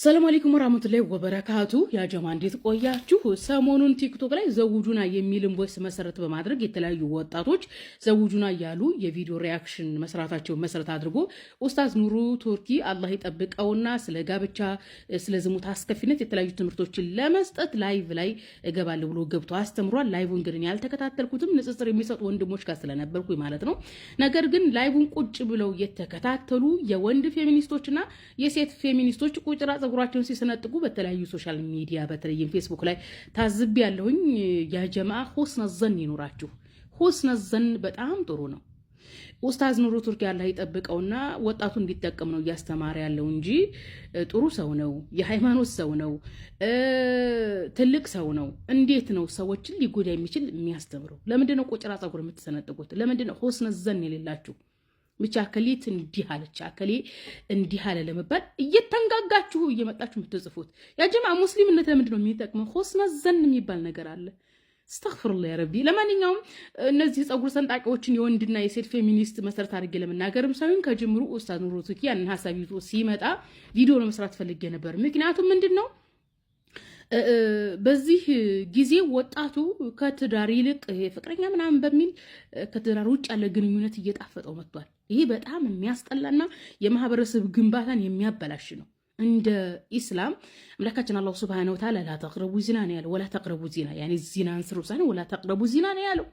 ሰላም አለይኩም ወራህመቱላሂ ወበረካቱ። ያ ጀማ እንዴት ቆያችሁ? ሰሞኑን ቲክቶክ ላይ ዘውጁና የሚልን ቮይስ መሰረት በማድረግ የተለያዩ ወጣቶች ዘውጁና እያሉ የቪዲዮ ሪያክሽን መስራታቸውን መሰረት አድርጎ ኡስታዝ ኑሩ ቱርኪ አላህ ይጠብቀውና ስለ ጋብቻ፣ ስለ ዝሙት አስከፊነት የተለያዩ ትምህርቶችን ለመስጠት ላይቭ ላይ እገባለሁ ብሎ ገብቶ አስተምሯል። ላይቭ እንግዲህ ያልተከታተልኩትም ንጽጽር የሚሰጡ ወንድሞች ጋር ስለነበርኩ ማለት ነው። ነገር ግን ላይቡን ቁጭ ብለው የተከታተሉ የወንድ ፌሚኒስቶችና የሴት ፌሚኒስቶች ቁጭራ ጸጉራቸውን ሲሰነጥቁ በተለያዩ ሶሻል ሚዲያ በተለይም ፌስቡክ ላይ ታዝብ ያለሁኝ ያጀማ ሆስነ ዘን ይኖራችሁ ሆስነ ዘን በጣም ጥሩ ነው። ኡስታዝ ኑሩ ቱርኪ ያለ ይጠብቀውና ወጣቱ እንዲጠቀም ነው እያስተማረ ያለው እንጂ ጥሩ ሰው ነው። የሃይማኖት ሰው ነው። ትልቅ ሰው ነው። እንዴት ነው ሰዎችን ሊጎዳ የሚችል የሚያስተምረው? ለምንድነው ቆጭራ ጸጉር የምትሰነጥቁት? ለምንድነው ሆስነ ዘን የሌላችሁ? ብቻ አከሌት እንዲህ አለች አከሌ እንዲህ አለ ለመባል እየተንጋጋችሁ እየመጣችሁ የምትጽፉት ጀማ ሙስሊምነት ለምንድን ነው የሚጠቅመው? ዘን የሚባል ነገር አለ። እስተግፍሩላህ ያረቢ። ለማንኛውም እነዚህ ፀጉር ሰንጣቂዎችን የወንድና የሴት ፌሚኒስት መሰረት አድርጌ ለመናገርም ሳይሆን ከጅምሩ ኡስታዝ ኑሩ ቱኪ ያንን ሀሳብ ይዞ ሲመጣ ቪዲዮ ለመስራት ፈልጌ ነበር። ምክንያቱም ምንድን ነው በዚህ ጊዜ ወጣቱ ከትዳር ይልቅ ፍቅረኛ ምናምን በሚል ከትዳር ውጭ ያለ ግንኙነት እየጣፈጠው መጥቷል። ይህ በጣም የሚያስጠላና የማህበረሰብ ግንባታን የሚያበላሽ ነው። እንደ ኢስላም አምላካችን አላሁ ስብሃነሁ ወተዓላ ላተቅረቡ ዚና ነው ያለው። ወላ ተቅረቡ ዚና ያ ዚናን ስሩ ሳይሆን ወላ ተቅረቡ ዚና ነው ያለው።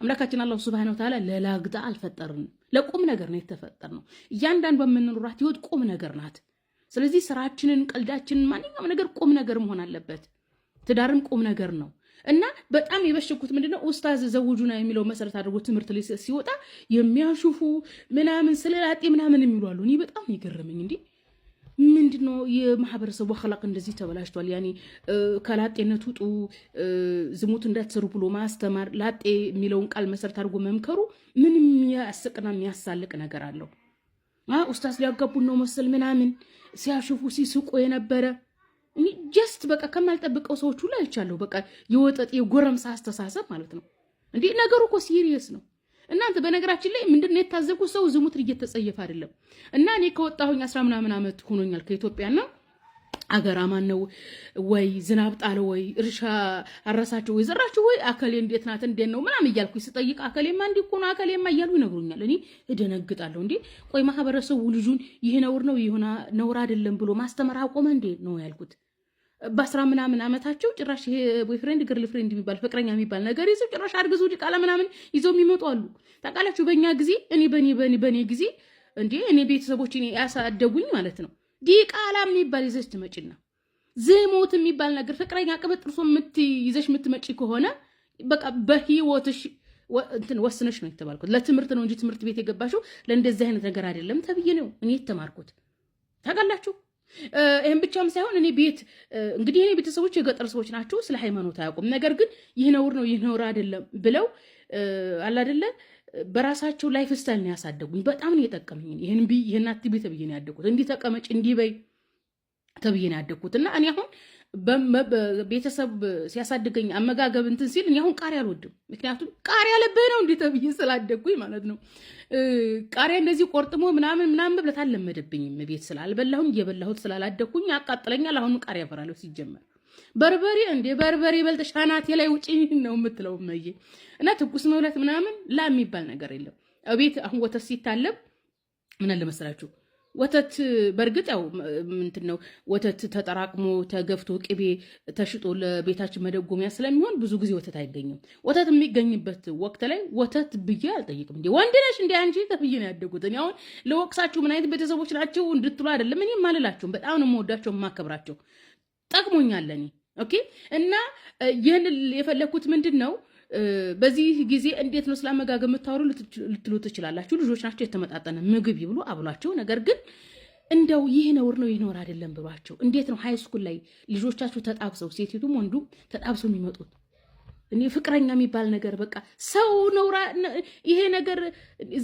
አምላካችን አላሁ ስብሃነሁ ወተዓላ ለላግጣ አልፈጠርንም፣ ለቁም ነገር ነው የተፈጠርነው። እያንዳንዱ በምንኖራት ህይወት ቁም ነገር ናት። ስለዚህ ስራችንን፣ ቀልዳችንን፣ ማንኛውም ነገር ቁም ነገር መሆን አለበት። ትዳርም ቁም ነገር ነው። እና በጣም የበሸኩት ምንድነው ኡስታዝ ዘውጁና የሚለው መሰረት አድርጎ ትምህርት ላይ ሲወጣ የሚያሹፉ ምናምን ስለላጤ ምናምን የሚሉ አሉ። እኔ በጣም የገረመኝ እንዲህ ምንድነው የማህበረሰቡ አክላቅ እንደዚህ ተበላሽቷል። ያኔ ከላጤነት ውጡ፣ ዝሙት እንዳትሰሩ ብሎ ማስተማር ላጤ የሚለውን ቃል መሰረት አድርጎ መምከሩ ምን የሚያስቅና የሚያሳልቅ ነገር አለው? ኡስታዝ ሊያጋቡን ነው መሰል ምናምን ሲያሽፉ ሲስቆ የነበረ ጀስት በቃ ከማልጠብቀው ሰዎች ሁሉ አይቻለሁ። በቃ የወጠጥ የጎረምሳ አስተሳሰብ ማለት ነው። እንዲህ ነገሩ እኮ ሲሪየስ ነው። እናንተ በነገራችን ላይ ምንድን ነው የታዘብኩት፣ ሰው ዝሙትን እየተጸየፈ አይደለም። እና እኔ ከወጣሁኝ አስራ ምናምን ዓመት ሆኖኛል ከኢትዮጵያና አገር አማን ነው ወይ ዝናብ ጣለ ወይ እርሻ አረሳችሁ ወይ ዘራችሁ ወይ አከሌ እንዴት ናት እንዴት ነው ምናምን እያልኩ ስጠይቅ አከሌማ እንዲህ እኮ ነው አከሌማ እያሉ ይነግሩኛል። እኔ እደነግጣለሁ። እንዴ ቆይ ማህበረሰቡ ልጁን ይሄ ነውር ነው ይሆና ነውር አይደለም ብሎ ማስተማር አቆመ እንዴ ነው ያልኩት። በአስራ ምናምን ዓመታቸው ጭራሽ ይሄ ቦይፍሬንድ ግርል ፍሬንድ የሚባል ፍቅረኛ የሚባል ነገር ይዘው ጭራሽ አርግዙ ዲቃላ ምናምን ይዘው የሚመጡ አሉ። ታውቃላችሁ፣ በእኛ ጊዜ እኔ በኔ በኔ በኔ ጊዜ እንዴ እኔ ቤተሰቦች እኔ ያሳደጉኝ ማለት ነው ዲቃላ የሚባል ይዘሽ ትመጪና ዝሞት የሚባል ነገር ፍቅረኛ ቅብጥርሶ ይዘሽ የምትመጪ ከሆነ በቃ በህይወትሽ እንትን ወስነሽ ነው የተባልኩት። ለትምህርት ነው እንጂ ትምህርት ቤት የገባሽው ለእንደዚህ አይነት ነገር አይደለም ተብዬ ነው እኔ የተማርኩት ታውቃላችሁ። ይህም ብቻም ሳይሆን እኔ ቤት እንግዲህ እኔ ቤተሰቦች የገጠር ሰዎች ናቸው፣ ስለ ሃይማኖት አያውቁም። ነገር ግን ይህ ነውር ነው ይህ ነውር አይደለም ብለው አላደለ በራሳቸው ላይፍ ስታይል ነው ያሳደጉኝ። በጣም ነው የጠቀመኝ። ይህን ይህን አትቤ ተብዬ ነው ያደግኩት። እንዲህ ተቀመጭ እንዲህ በይ ተብዬ ነው ያደግኩት እና እኔ አሁን ቤተሰብ ሲያሳድገኝ አመጋገብ እንትን ሲል እኔ አሁን ቃሪያ አልወድም። ምክንያቱም ቃሪያ አለብህ ነው እንዴ ተብዬ ስላደጉኝ ማለት ነው። ቃሪያ እንደዚህ ቆርጥሞ ምናምን ምናምን መብለት አልለመደብኝም። ቤት ስላልበላሁኝ እየበላሁት ስላላደግኩኝ ያቃጥለኛል። አሁኑ ቃሪያ እፈራለሁ ሲጀመር በርበሬ እንዴ በርበሬ በልጥ ሻናቴ ላይ ውጪ ነው የምትለው መዬ እና ትኩስ መብላት ምናምን ላ የሚባል ነገር የለም። ቤት አሁን ወተት ሲታለብ ምን አለ መሰላችሁ ወተት በእርግጥ ያው ምንትን ነው ወተት ተጠራቅሞ ተገፍቶ ቅቤ ተሽጦ ለቤታችን መደጎሚያ ስለሚሆን ብዙ ጊዜ ወተት አይገኝም። ወተት የሚገኝበት ወቅት ላይ ወተት ብዬ አልጠይቅም። እንዲ ወንድ ነሽ እንዲ አንቺ ተብዬ ነው ያደጉት። እኔ አሁን ለወቅሳችሁ ምን አይነት ቤተሰቦች ናቸው እንድትሉ አይደለም። እኔም አልላችሁም። በጣም ነው የምወዳቸው የማከብራቸው። ጠቅሞኛል። ኦኬ። እና ይህን የፈለግኩት ምንድን ነው በዚህ ጊዜ እንዴት ነው ስለ አመጋገብ የምታወሩ ልትሉ ትችላላችሁ። ልጆች ናቸው፣ የተመጣጠነ ምግብ ይብሉ አብሏቸው። ነገር ግን እንደው ይህ ነውር ነው ይህ ነውር አይደለም ብሏቸው፣ እንዴት ነው ሃይ ስኩል ላይ ልጆቻቸው ተጣብሰው፣ ሴቲቱም ወንዱ ተጣብሰው የሚመጡት? እኔ ፍቅረኛ የሚባል ነገር በቃ ሰው ነውራ ይሄ ነገር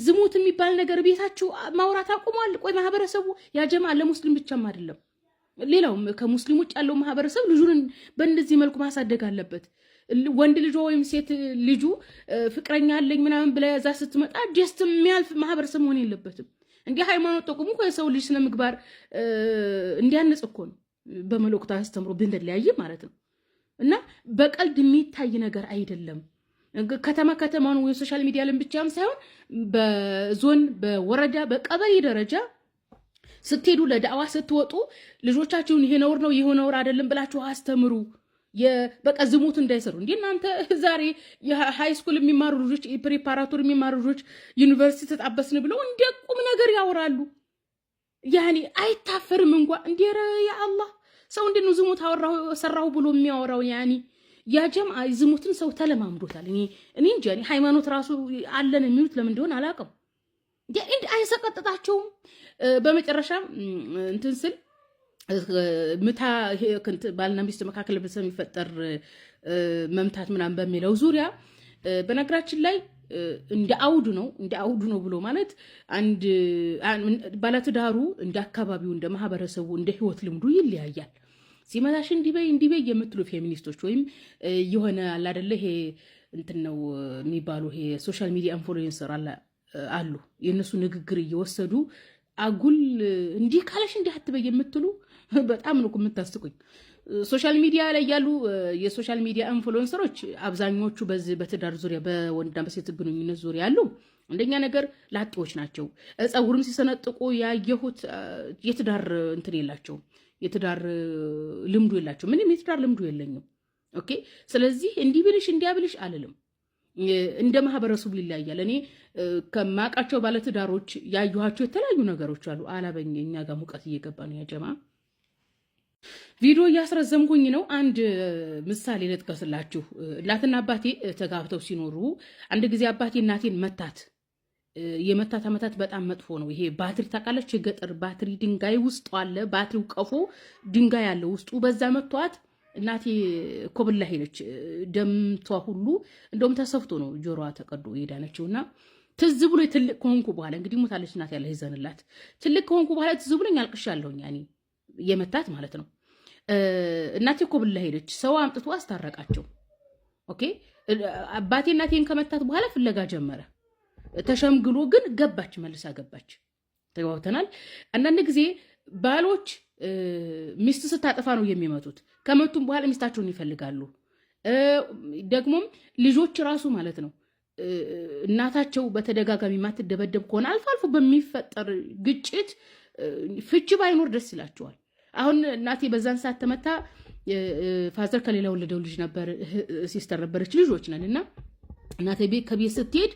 ዝሙት የሚባል ነገር ቤታችሁ ማውራት አቁሟል። ቆይ ማህበረሰቡ ያጀማ ለሙስሊም ብቻም አይደለም ሌላውም ከሙስሊም ውጭ ያለው ማህበረሰብ ልጁን በእንደዚህ መልኩ ማሳደግ አለበት። ወንድ ልጇ ወይም ሴት ልጁ ፍቅረኛ አለኝ ምናምን ብላ ያዛ ስትመጣ ጀስት የሚያልፍ ማህበረሰብ መሆን የለበትም። እንዲህ ሃይማኖት ጠቁሙ እኮ የሰው ልጅ ስነ ምግባር እንዲያነጽ እኮ ነው በመልእክቱ አስተምሮ ብንለያይ ማለት ነው። እና በቀልድ የሚታይ ነገር አይደለም። ከተማ ከተማን ወይ ሶሻል ሚዲያ ልን ብቻም ሳይሆን በዞን በወረዳ በቀበሌ ደረጃ ስትሄዱ ለዳዋ ስትወጡ ልጆቻችሁን ይሄ ነውር ነው ይሄ ነውር አይደለም ብላችሁ አስተምሩ። በቃ ዝሙት እንዳይሰሩ እንዲ እናንተ ዛሬ ሃይስኩል የሚማሩ ልጆች፣ ፕሪፓራቶር የሚማሩ ልጆች ዩኒቨርሲቲ ተጣበስን ብለው እንደ ቁም ነገር ያወራሉ። ያኔ አይታፈርም እንኳ እንዲረ የአላህ ሰው እንደ ዝሙት ሰራሁ ብሎ የሚያወራው ያኒ ያ ጀምአ ዝሙትን ሰው ተለማምዶታል። እኔ እኔ እንጂ ሃይማኖት ራሱ አለን የሚሉት ለምን እንደሆነ አላውቅም። እንዲ አይሰቀጥጣቸውም። በመጨረሻ እንትን ስል ምታ ባልና ሚስት መካከል በሚፈጠር መምታት ምናምን በሚለው ዙሪያ በነገራችን ላይ እንደ አውድ ነው እንደ አውድ ነው ብሎ ማለት አንድ ባለትዳሩ እንደ አካባቢው፣ እንደ ማህበረሰቡ፣ እንደ ህይወት ልምዱ ይለያያል። ሲመታሽ እንዲበይ እንዲበይ የምትሉ ፌሚኒስቶች ወይም የሆነ አለ አይደለ ይሄ እንትን ነው የሚባሉ ይሄ ሶሻል ሚዲያ ኢንፍሉዌንሰር አሉ የእነሱ ንግግር እየወሰዱ አጉል እንዲህ ካለሽ እንዲህ አትበይ የምትሉ በጣም ነው የምታስቁኝ። ሶሻል ሚዲያ ላይ ያሉ የሶሻል ሚዲያ ኢንፍሉዌንሰሮች አብዛኞቹ በዚህ በትዳር ዙሪያ በወንድና በሴት ግንኙነት ዙሪያ ያሉ አንደኛ ነገር ላጤዎች ናቸው። ፀጉርም ሲሰነጥቁ ያየሁት የትዳር እንትን የላቸውም፣ የትዳር ልምዱ የላቸው። ምንም የትዳር ልምዱ የለኝም። ኦኬ። ስለዚህ እንዲህ ብልሽ እንዲያ ብልሽ አልልም። እንደ ማህበረሰቡ ይለያያል። እኔ ከማውቃቸው ባለትዳሮች ያየኋቸው የተለያዩ ነገሮች አሉ። አላበኛ እኛ ጋር ሙቀት እየገባ ነው ያጀማ ቪዲዮ እያስረዘምኩኝ ነው። አንድ ምሳሌ ልጥቀስላችሁ። እናትና አባቴ ተጋብተው ሲኖሩ አንድ ጊዜ አባቴ እናቴን መታት። የመታት አመታት በጣም መጥፎ ነው። ይሄ ባትሪ ታውቃለች፣ የገጠር ባትሪ ድንጋይ ውስጥ አለ። ባትሪው ቀፎ ድንጋይ አለ ውስጡ። በዛ መቷት። እናቴ ኮብላ ሄደች። ደምቷ ሁሉ እንደውም ተሰፍቶ ነው ጆሮዋ ተቀዶ እና ትዝ ብሎ ትልቅ ከሆንኩ በኋላ እንግዲህ ሞታለች እናቴ፣ ያለ ይዘንላት። ትልቅ ከሆንኩ በኋላ ትዝ ብሎኝ አልቅሻለሁኝ። የመታት ማለት ነው እናቴ እኮ ብላ ሄደች። ሰው አምጥቶ አስታረቃቸው። ኦኬ አባቴ እናቴን ከመታት በኋላ ፍለጋ ጀመረ። ተሸምግሎ ግን ገባች፣ መልሳ ገባች። ተግባብተናል። አንዳንድ ጊዜ ባሎች ሚስት ስታጠፋ ነው የሚመጡት። ከመቱም በኋላ ሚስታቸውን ይፈልጋሉ። ደግሞም ልጆች ራሱ ማለት ነው እናታቸው በተደጋጋሚ ማትደበደብ ከሆነ አልፎ አልፎ በሚፈጠር ግጭት ፍቺ ባይኖር ደስ ይላቸዋል። አሁን እናቴ በዛን ሰዓት ተመታ። ፋዘር ከሌላ ወለደው ልጅ ነበር፣ ሲስተር ነበረች፣ ልጆች ነን እና እናቴ ቤት ከቤት ስትሄድ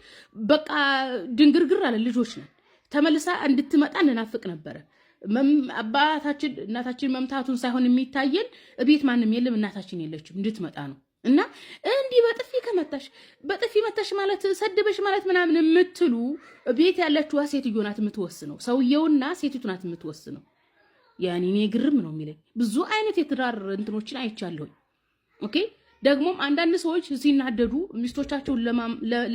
በቃ ድንግርግር አለ። ልጆች ነን ተመልሳ እንድትመጣ እንናፍቅ ነበረ። አባታችን እናታችን መምታቱን ሳይሆን የሚታየን ቤት ማንም የለም፣ እናታችን የለችም፣ እንድትመጣ ነው እና እንዲህ በጥፊ ከመታሽ በጥፊ መታሽ ማለት ሰድበሽ ማለት ምናምን የምትሉ ቤት ያለችዋ ሴትዮ ናት የምትወስነው፣ ሰውየውና ሴቲቱ ናት የምትወስነው። ያኔ እኔ ግርም ነው የሚለኝ። ብዙ አይነት የትዳር እንትኖችን አይቻለሁኝ። ኦኬ ደግሞም አንዳንድ ሰዎች ሲናደዱ ሚስቶቻቸውን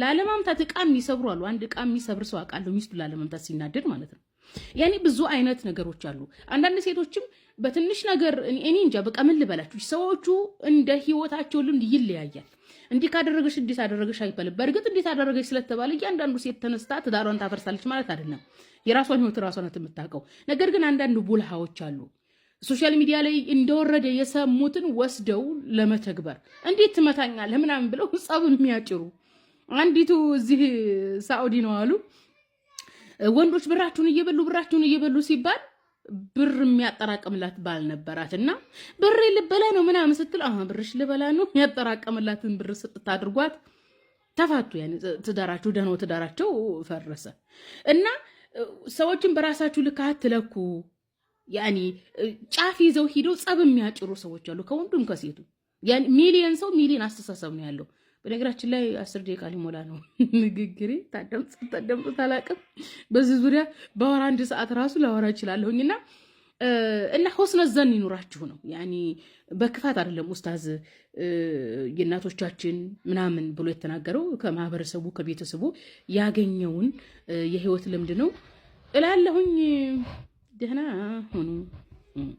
ላለማምታት እቃ የሚሰብሩ አሉ። አንድ እቃ የሚሰብር ሰው አውቃለሁ፣ ሚስቱ ላለማምታት ሲናደድ ማለት ነው። ያኔ ብዙ አይነት ነገሮች አሉ። አንዳንድ ሴቶችም በትንሽ ነገር እኔ እንጃ በቃ ምን ልበላችሁ፣ ሰዎቹ እንደ ህይወታቸው ልምድ ይለያያል። እንዲህ ካደረገች እንዴት አደረገች አይባልም። በእርግጥ እንዴት አደረገች ስለተባለ እያንዳንዱ ሴት ተነስታ ትዳሯን ታፈርሳለች ማለት አይደለም። የራሷን ህይወት ራሷ ናት የምታውቀው። ነገር ግን አንዳንድ ቡልሃዎች አሉ ሶሻል ሚዲያ ላይ እንደወረደ የሰሙትን ወስደው ለመተግበር እንዴት ትመታኛለህ ምናምን ብለው ጸብ የሚያጭሩ አንዲቱ እዚህ ሳኡዲ ነው አሉ ወንዶች ብራችሁን እየበሉ ብራችሁን እየበሉ ሲባል ብር የሚያጠራቅምላት ባል ነበራት እና ብሬ ልበላ ነው ምናምን ስትል ብርሽ ልበላ ነው የሚያጠራቀምላትን ብር ስጥት አድርጓት ተፋቱ። ትዳራችሁ ደኖ ትዳራቸው ፈረሰ እና ሰዎችን በራሳችሁ ልክ አትለኩ። ያኔ ጫፍ ይዘው ሂደው ጸብ የሚያጭሩ ሰዎች አሉ፣ ከወንዱም ከሴቱ ሚሊየን ሰው ሚሊየን አስተሳሰብ ነው ያለው። በነገራችን ላይ አስር ደቂቃ ሊሞላ ነው ንግግሬ። ታደምጽ ታደምጽ አላቅም። በዚህ ዙሪያ በወር አንድ ሰዓት ራሱ ላወራ እችላለሁኝ እና እና ሆስነ ዘን ይኑራችሁ ነው ያኒ በክፋት አይደለም። ኡስታዝ የእናቶቻችን ምናምን ብሎ የተናገረው ከማህበረሰቡ ከቤተሰቡ ያገኘውን የህይወት ልምድ ነው እላለሁኝ። ደህና ሆኑ።